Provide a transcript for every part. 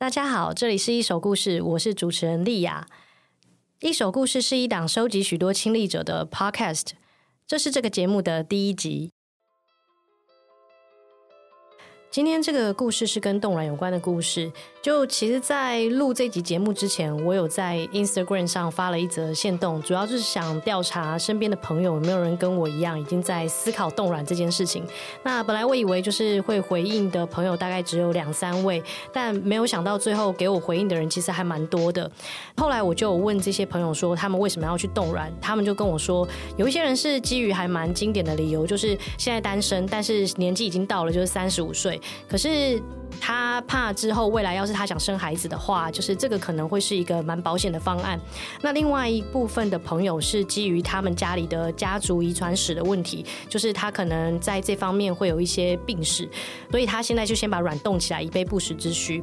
大家好，這裡是一手故事，我是主持人莉雅。一手故事是一檔收集許多親歷者的 podcast，這是這個節目的第一集。今天這個故事是跟凍卵有關的故事。就其實，在錄這集節目之前，我有在 Instagram 上發了一則限動，主要就是想調查身邊的朋友，有沒有人跟我一樣，已經在思考凍卵這件事情。那本來我以為就是會回應的朋友大概只有兩三位，但沒有想到最後給我回應的人其實還蠻多的。後來我就問這些朋友說，他們為什麼要去凍卵？他們就跟我說，有一些人是基於還蠻經典的理由，就是現在單身，但是年紀已經到了，就是三十五歲。可是，他怕之後未來要是他想生孩子的話，就是這個可能會是一個蠻保險的方案。那另外一部分的朋友是基於他們家裡的家族遺傳史的問題，就是他可能在這方面會有一些病史，所以他現在就先把卵凍起來以備不時之需。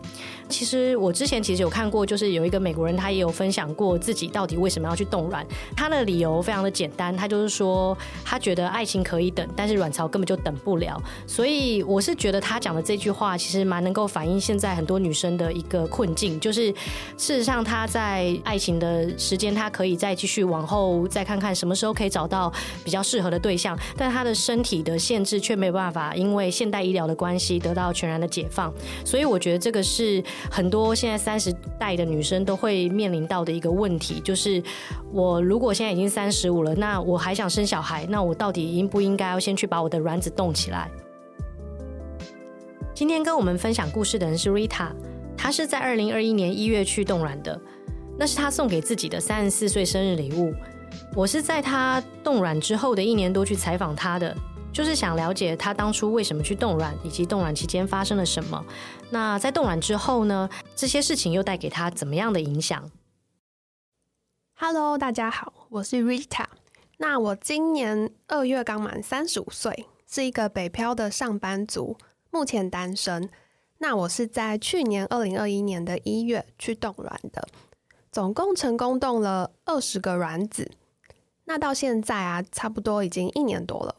其實我之前其實有看過，就是有一個美國人他也有分享過自己到底為什麼要去凍卵，他的理由非常的簡單，他就是說他覺得愛情可以等，但是卵巢根本就等不了，所以我是覺得他講的這句話其實蠻能夠反映現在很多女生的一個困境，就是事實上她在愛情的時間，她可以再繼續往後，再看看什麼時候可以找到比較適合的對象，但她的身體的限制卻沒有辦法，因為現代醫療的關係得到全然的解放，所以我覺得這個是很多現在三十代的女生都會面臨到的一個問題，就是我如果現在已經三十五了，那我還想生小孩，那我到底應不應該要先去把我的卵子凍起來？今天跟我們分享故事的人是 Rita，她是在二零二一年一月去凍卵的，那是她送給自己的三十四歲生日禮物。我是在她凍卵之後的一年多去採訪她的，就是想了解她當初為什麼去凍卵，以及凍卵期間發生了什麼。那在凍卵之後呢，這些事情又帶給她怎麼樣的影響？Hello，大家好，我是 Rita。那我今年二月剛滿三十五歲，是一個北漂的上班族。目前單身，那我是在去年二零二一年的一月去凍卵的，總共成功凍了二十個卵子，那到現在啊，差不多已經一年多了。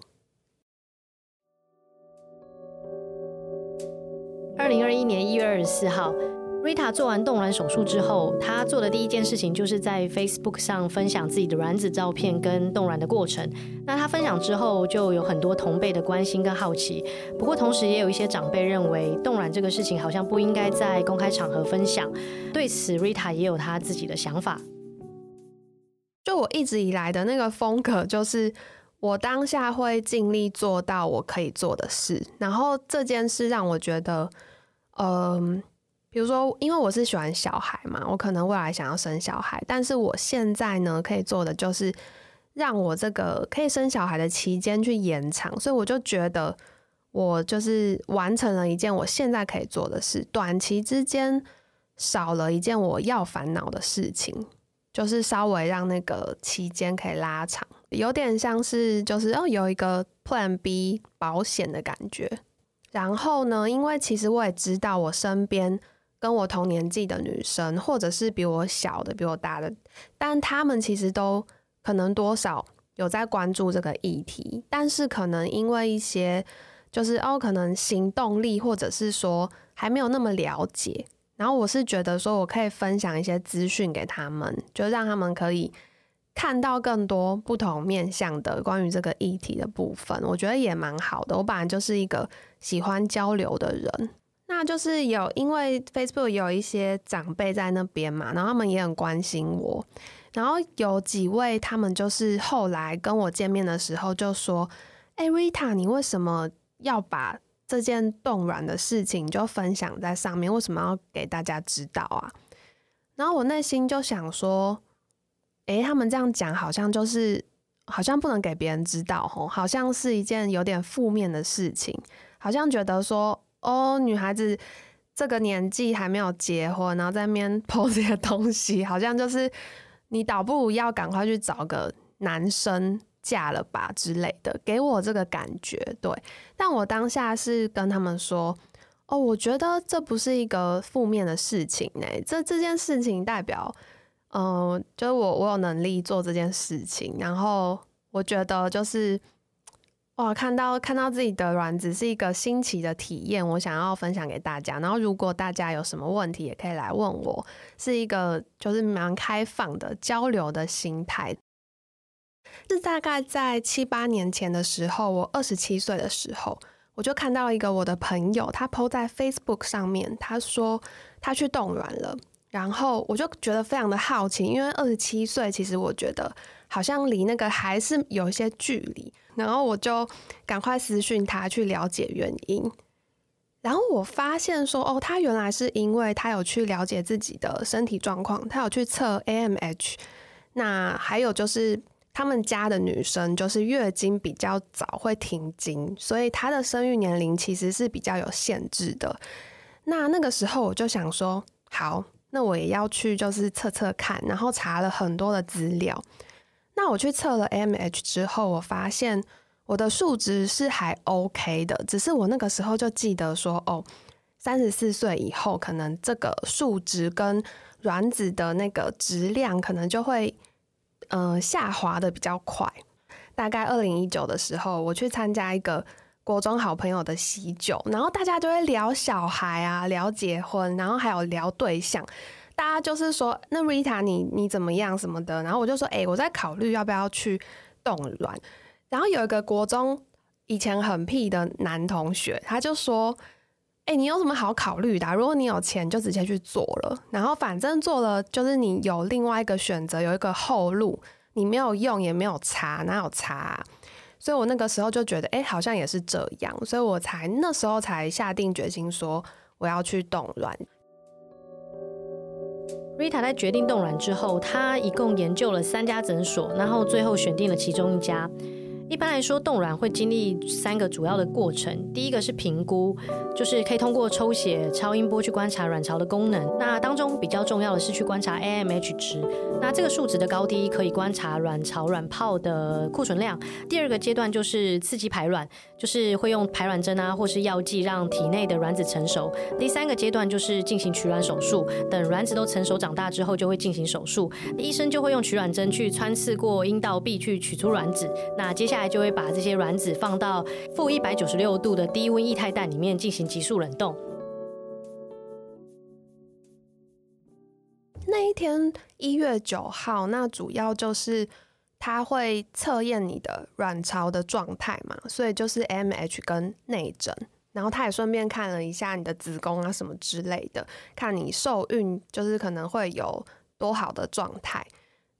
二零二一年一月二十四號。Rita 做完凍卵手術之後，她做的第一件事情就是在 Facebook 上分享自己的卵子照片跟凍卵的過程。那她分享之後，就有很多同輩的關心跟好奇。不過，同時也有一些長輩認為，凍卵這個事情好像不應該在公開場合分享。對此，Rita 也有她自己的想法。就我一直以來的那個風格，就是我當下會盡力做到我可以做的事。然後這件事讓我覺得，嗯、呃。比如說，因為我是喜歡小孩嘛，我可能未來想要生小孩，但是我現在呢，可以做的就是讓我這個可以生小孩的期間去延長，所以我就覺得我就是完成了一件我現在可以做的事，短期之間少了一件我要煩惱的事情，就是稍微讓那個期間可以拉長，有點像是就是哦，有一個 Plan B 保險的感覺。然後呢，因為其實我也知道我身邊。跟我同年紀的女生，或者是比我小的、比我大的，但他們其實都可能多少有在關注這個議題，但是可能因為一些就是哦，可能行動力，或者是說還沒有那麼了解。然後我是覺得說我可以分享一些資訊給他們，就讓他們可以看到更多不同面向的關於這個議題的部分，我覺得也蠻好的。我本來就是一個喜歡交流的人。那就是有，因為 Facebook 有一些長輩在那邊嘛，然後他們也很關心我。然後有幾位他們就是後來跟我見面的時候就說：“哎，Rita，你為什麼要把這件凍卵的事情就分享在上面？為什麼要給大家知道啊？”然後我內心就想說：“誒、欸，他們這樣講好像就是好像不能給別人知道哦，好像是一件有點負面的事情，好像覺得說。”哦，女孩子這個年紀還沒有結婚，然後在那邊 PO 這些東西，好像就是你倒不如要趕快去找個男生嫁了吧之類的，給我這個感覺。對，但我當下是跟他們說，哦，我覺得這不是一個負面的事情誒、欸，這這件事情代表，嗯、呃，就是我我有能力做這件事情，然後我覺得就是。哇，看到看到自己的卵子是一個新奇的體驗，我想要分享給大家。然後，如果大家有什麼問題，也可以來問我，是一個就是蠻開放的交流的心態。是大概在七八年前的時候，我二十七歲的時候，我就看到一個我的朋友，他 PO 在 Facebook 上面，他說他去凍卵了。然後我就覺得非常的好奇，因為二十七歲，其實我覺得好像離那個還是有一些距離。然後我就趕快私訊他去了解原因。然後我發現說，哦，他原來是因為他有去了解自己的身體狀況，他有去測 AMH。那還有就是他們家的女生就是月經比較早會停經，所以她的生育年齡其實是比較有限制的。那那個時候我就想說，好。那我也要去，就是測測看，然後查了很多的資料。那我去測了 AMH 之後，我發現我的數值是還 OK 的，只是我那個時候就記得說，哦，三十四歲以後，可能這個數值跟卵子的那個質量，可能就會嗯、呃、下滑的比較快。大概二零一九的時候，我去參加一個，國中好朋友的喜酒，然後大家就會聊小孩啊，聊結婚，然後還有聊對象。大家就是說，那 Rita，你你怎麼樣什麼的？然後我就說，哎、欸，我在考慮要不要去凍卵。然後有一個國中以前很屁的男同學，他就說，哎、欸，你有什麼好考慮的啊？如果你有錢，就直接去做了。然後反正做了，就是你有另外一個選擇，有一個後路，你沒有用也沒有差，哪有差啊？所以，我那個時候就覺得，哎、欸，好像也是這樣，所以我才那時候才下定決心說，我要去凍卵。Rita 在決定凍卵之後，她一共研究了三家診所，然後最後選定了其中一家。一般來說，凍卵會經歷三個主要的過程。第一個是評估，就是可以通過抽血、超音波去觀察卵巢的功能。那當中比較重要的是去觀察 AMH 值，那這個數值的高低可以觀察卵巢卵泡的庫存量。第二個階段就是刺激排卵，就是會用排卵針啊或是藥劑讓體內的卵子成熟。第三個階段就是進行取卵手術，等卵子都成熟長大之後，就會進行手術。醫生就會用取卵針去穿刺過陰道壁去取出卵子。那接下來就會把這些卵子放到負一百九十六度的低溫液態氮裡面進行急速冷凍。那一天一月九號，那主要就是他會測驗你的卵巢的狀態嘛，所以就是 MH 跟內診，然後他也順便看了一下你的子宮啊什麼之類的，看你受孕就是可能會有多好的狀態。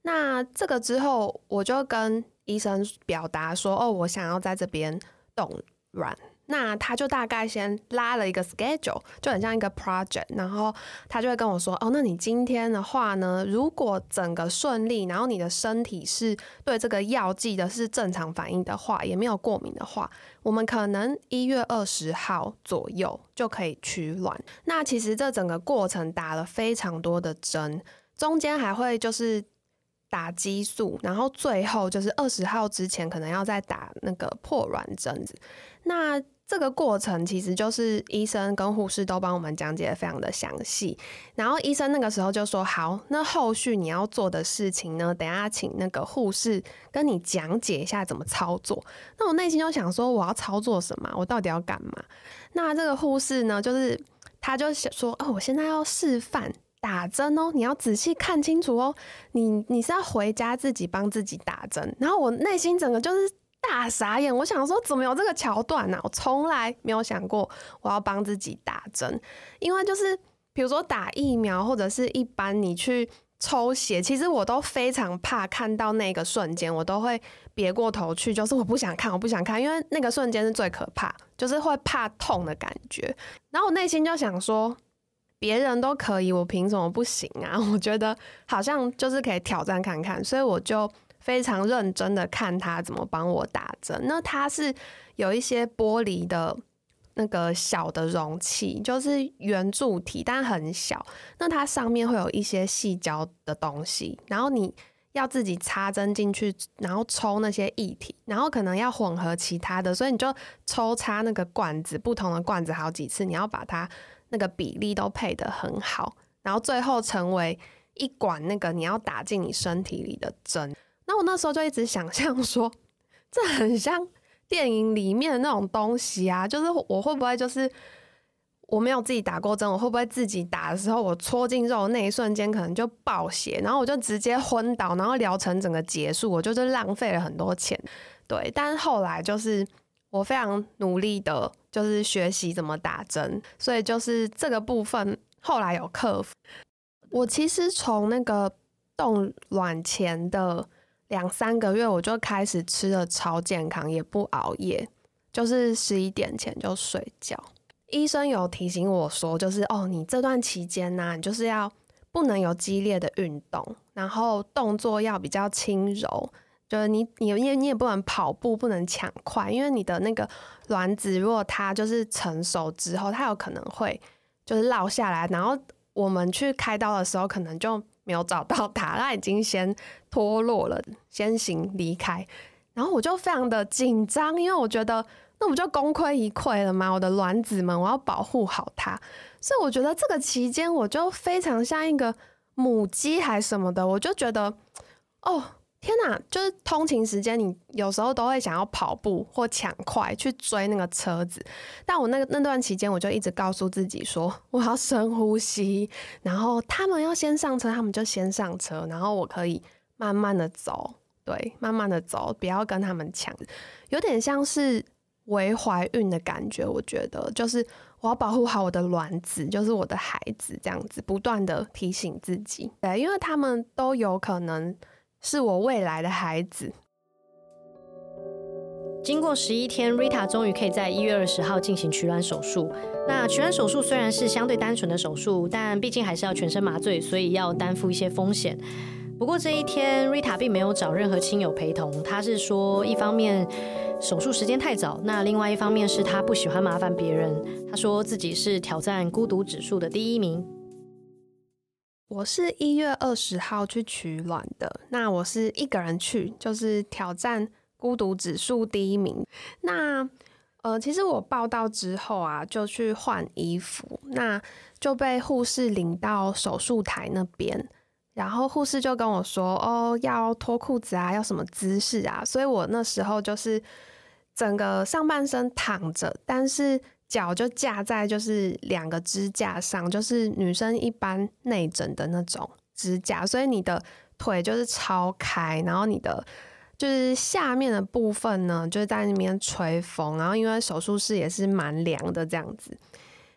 那這個之後我就跟。醫生表達說：“哦，我想要在這邊凍卵，那他就大概先拉了一個 schedule，就很像一個 project。然後他就會跟我說：‘哦，那你今天的話呢？如果整個順利，然後你的身體是對這個藥劑的是正常反應的話，也沒有過敏的話，我們可能一月二十號左右就可以取卵。’那其實這整個過程打了非常多的針，中間還會就是。”打激素，然後最後就是二十號之前可能要再打那個破卵針子。那這個過程其實就是醫生跟護士都幫我們講解的非常的詳細。然後醫生那個時候就說：“好，那後續你要做的事情呢，等一下請那個護士跟你講解一下怎麼操作。”那我內心就想說：“我要操作什麼？我到底要幹嘛？”那這個護士呢，就是他就想說：“哦，我現在要示範。”打針哦，你要仔細看清楚哦。你你是要回家自己幫自己打針，然後我內心整個就是大傻眼。我想說，怎麼有這個橋段呢、啊？我從來沒有想過我要幫自己打針，因為就是比如說打疫苗或者是一般你去抽血，其實我都非常怕看到那個瞬間，我都會別過頭去，就是我不想看，我不想看，因為那個瞬間是最可怕，就是會怕痛的感覺。然後我內心就想說，別人都可以，我憑什麼不行啊？我覺得好像就是可以挑戰看看，所以我就非常認真的看他怎麼幫我打針。那它是有一些玻璃的那個小的容器，就是圓柱體，但很小。那它上面會有一些細膠的東西，然後你要自己插針進去，然後抽那些液體，然後可能要混合其他的，所以你就抽插那個罐子，不同的罐子好幾次，你要把它。那個比例都配得很好，然後最後成為一管那個你要打進你身體裡的針。那我那時候就一直想象說，這很像電影裡面的那種東西啊，就是我會不會就是我沒有自己打過針，我會不會自己打的時候，我戳進肉的那一瞬間可能就爆血，然後我就直接昏倒，然後療程整個結束，我就是浪費了很多錢。對，但是後來就是。我非常努力的，就是學習怎麼打針，所以就是這個部分後來有克服。我其實從那個凍卵前的兩三個月，我就開始吃的超健康，也不熬夜，就是十一點前就睡覺。醫生有提醒我說，就是哦，你這段期間呢、啊，你就是要不能有激烈的運動，然後動作要比較輕柔。就是你，你也你也不能跑步，不能搶快，因為你的那個卵子，如果它就是成熟之後，它有可能會就是落下來，然後我們去開刀的時候，可能就沒有找到它，它已經先脫落了，先行離開。然後我就非常的緊張，因為我覺得那不就功虧一簣了嗎？我的卵子們，我要保護好它。所以我覺得這個期間，我就非常像一個母雞還是什麼的，我就覺得哦。天吶、啊，就是通勤時間，你有時候都會想要跑步或搶快去追那個車子。但我那個那段期間，我就一直告訴自己說，我要深呼吸，然後他們要先上車，他們就先上車，然後我可以慢慢的走，對，慢慢的走，不要跟他們搶，有點像是微懷孕的感覺。我覺得，就是我要保護好我的卵子，就是我的孩子，這樣子不斷的提醒自己，對，因為他們都有可能，是我未來的孩子。經過十一天，Rita 終於可以在一月二十號進行取卵手術。那取卵手術雖然是相對單純的手術，但畢竟還是要全身麻醉，所以要擔負一些風險。不過這一天，Rita 並沒有找任何親友陪同。她是說，一方面手術時間太早，那另外一方面是她不喜歡麻煩別人。她說自己是挑戰孤獨指數的第一名。我是一月二十號去取卵的，那我是一個人去，就是挑戰孤獨指數第一名。那呃，其實我報到之後啊，就去換衣服，那就被護士領到手術台那邊，然後護士就跟我說：“哦，要脫褲子啊，要什麼姿勢啊？”所以我那時候就是整個上半身躺着，但是。腳就架在就是兩個支架上，就是女生一般內診的那種支架，所以你的腿就是超開，然後你的就是下面的部分呢，就是在那邊吹風，然後因為手術室也是蠻涼的這樣子。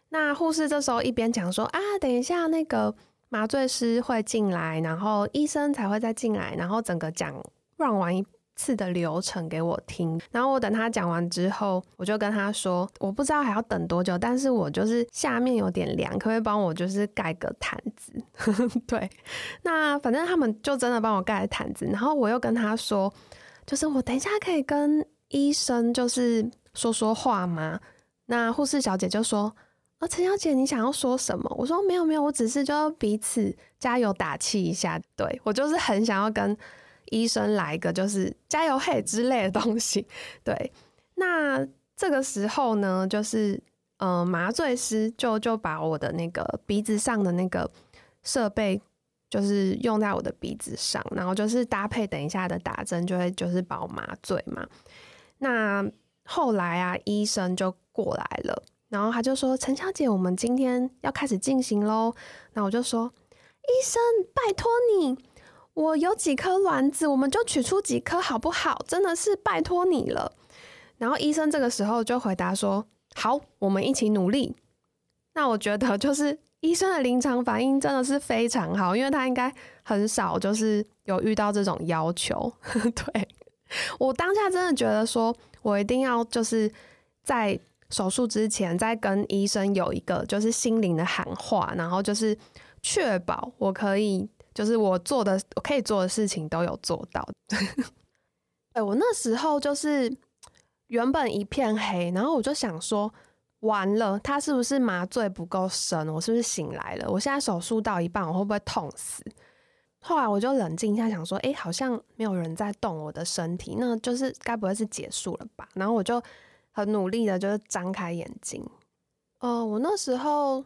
那護士這時候一邊講說啊，等一下那個麻醉師會進來，然後醫生才會再進來，然後整個講讓完一。次的流程給我聽，然後我等他講完之後，我就跟他說，我不知道還要等多久，但是我就是下面有點涼，可不可以幫我就是蓋個毯子？ 對，那反正他們就真的幫我蓋了毯子，然後我又跟他說，就是我等一下可以跟醫生就是說說話嗎？那護士小姐就說，哦，陳小姐你想要說什麼？我說沒有沒有，我只是就彼此加油打氣一下，對我就是很想要跟。醫生來一個就是加油嘿之類的東西，對。那這個時候呢，就是嗯、呃，麻醉師就就把我的那個鼻子上的那個設備，就是用在我的鼻子上，然後就是搭配等一下的打針，就會就是把我麻醉嘛。那後來啊，醫生就過來了，然後他就說：“陳小姐，我們今天要開始進行咯。”那我就說：“醫生，拜託你。”我有幾顆卵子，我們就取出幾顆，好不好？真的是拜托你了。然後醫生這個時候就回答說：“好，我們一起努力。”那我覺得就是醫生的臨場反應真的是非常好，因為他應該很少就是有遇到這種要求。對。我當下真的覺得說我一定要就是在手術之前再跟醫生有一個就是心靈的喊話，然後就是確保我可以。就是我做的，我可以做的事情都有做到。哎， 對，我那時候就是原本一片黑，然後我就想說，完了，他是不是麻醉不夠深？我是不是醒來了？我現在手術到一半，我會不會痛死？後來我就冷靜一下，想說，哎，好像沒有人在動我的身體，那就是該不會是結束了吧？然後我就很努力的，就是張開眼睛。哦，我那時候。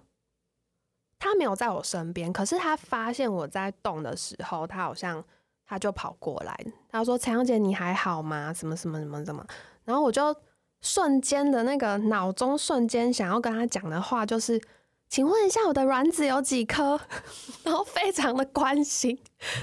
他沒有在我身邊，可是他發現我在動的時候，他好像他就跑過來，他說：“陳小姐，你還好嗎？什麼什麼什麼什麼？”然後我就瞬間的那個腦中瞬間想要跟他講的話就是：“請問一下，我的卵子有幾顆？” 然後非常的關心，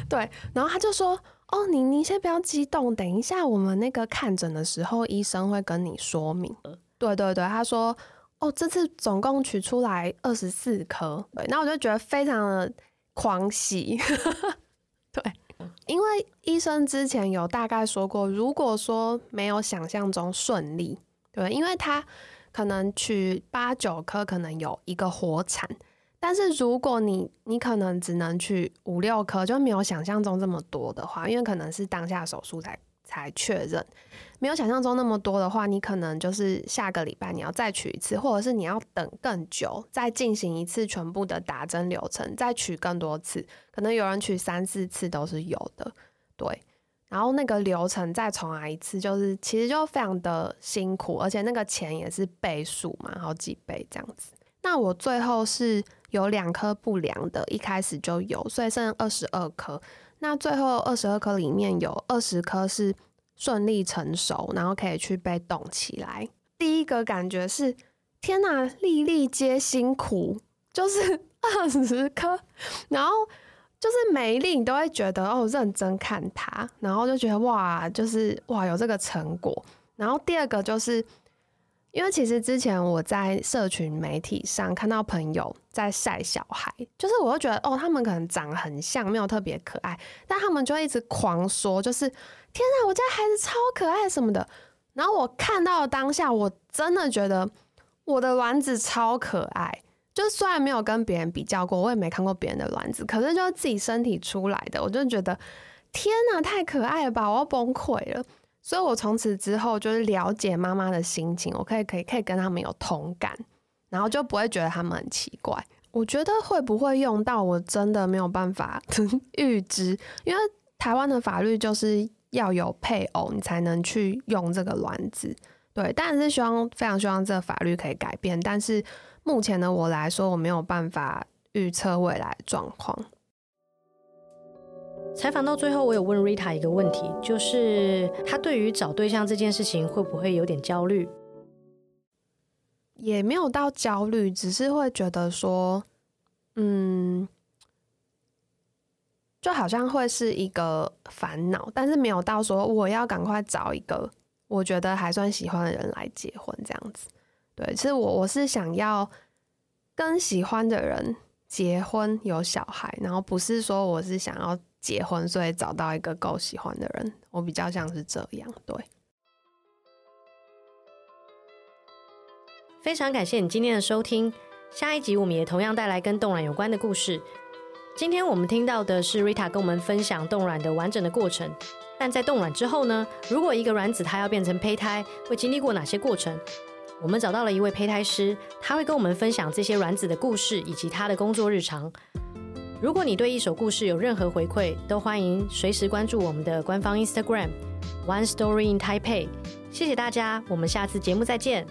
對，然後他就說：“哦，你你先不要激動，等一下我們那個看診的時候，醫生會跟你說明。”嗯對對對，他說。哦，這次總共取出來二十四顆，對，那我就覺得非常的狂喜呵呵，對，因為醫生之前有大概說過，如果說沒有想象中順利，對，因為他可能取八九顆，可能有一個活產，但是如果你你可能只能取五六顆，就沒有想象中這麼多的話，因為可能是當下手術在。才確認沒有想象中那麼多的話，你可能就是下個禮拜你要再取一次，或者是你要等更久再進行一次全部的打針流程，再取更多次，可能有人取三四次都是有的。對，然後那個流程再重來一次，就是其實就非常的辛苦，而且那個錢也是倍數嘛，好幾倍這樣子。那我最後是有兩顆不良的，一開始就有，所以剩二十二顆。那最後二十二顆裡面有二十顆是順利成熟，然後可以去被凍起來。第一個感覺是天哪、啊，粒粒皆辛苦，就是二十顆，然後就是每一粒你都會覺得哦，認真看它，然後就覺得哇，就是哇，有這個成果。然後第二個就是。因為其實之前我在社群媒體上看到朋友在曬小孩，就是我會覺得哦，他們可能長得很像，沒有特別可愛，但他們就一直狂說，就是天吶，我家孩子超可愛什麼的。然後我看到當下，我真的覺得我的卵子超可愛。就雖然沒有跟別人比較過，我也沒看過別人的卵子，可是就是自己身體出來的，我就覺得天吶，太可愛了吧，我要崩潰了。所以，我從此之後就是了解媽媽的心情，我可以、可以、可以跟他們有同感，然後就不會覺得他們很奇怪。我覺得會不會用到，我真的沒有辦法預 知，因為台灣的法律就是要有配偶，你才能去用這個卵子。對，當然是希望，非常希望這個法律可以改變，但是目前的我來說，我沒有辦法預測未來狀況。採訪到最後，我有問 Rita 一個問題，就是她對於找對象這件事情會不會有點焦慮？也沒有到焦慮，只是會覺得說，嗯，就好像會是一個煩惱，但是沒有到說我要趕快找一個我覺得還算喜歡的人來結婚這樣子。對，其實我我是想要跟喜歡的人結婚、有小孩，然後不是說我是想要。結婚，所以找到一個夠喜歡的人，我比較像是這樣。對，非常感謝你今天的收聽。下一集我們也同樣帶來跟凍卵有關的故事。今天我們聽到的是 Rita 跟我們分享凍卵的完整的過程。但在凍卵之後呢？如果一個卵子它要變成胚胎，會經歷過哪些過程？我們找到了一位胚胎師，他會跟我們分享這些卵子的故事以及他的工作日常。如果你對一手故事有任何回饋，都歡迎隨時關注我們的官方 Instagram, One Story in Taipei。謝謝大家，我們下次節目再見。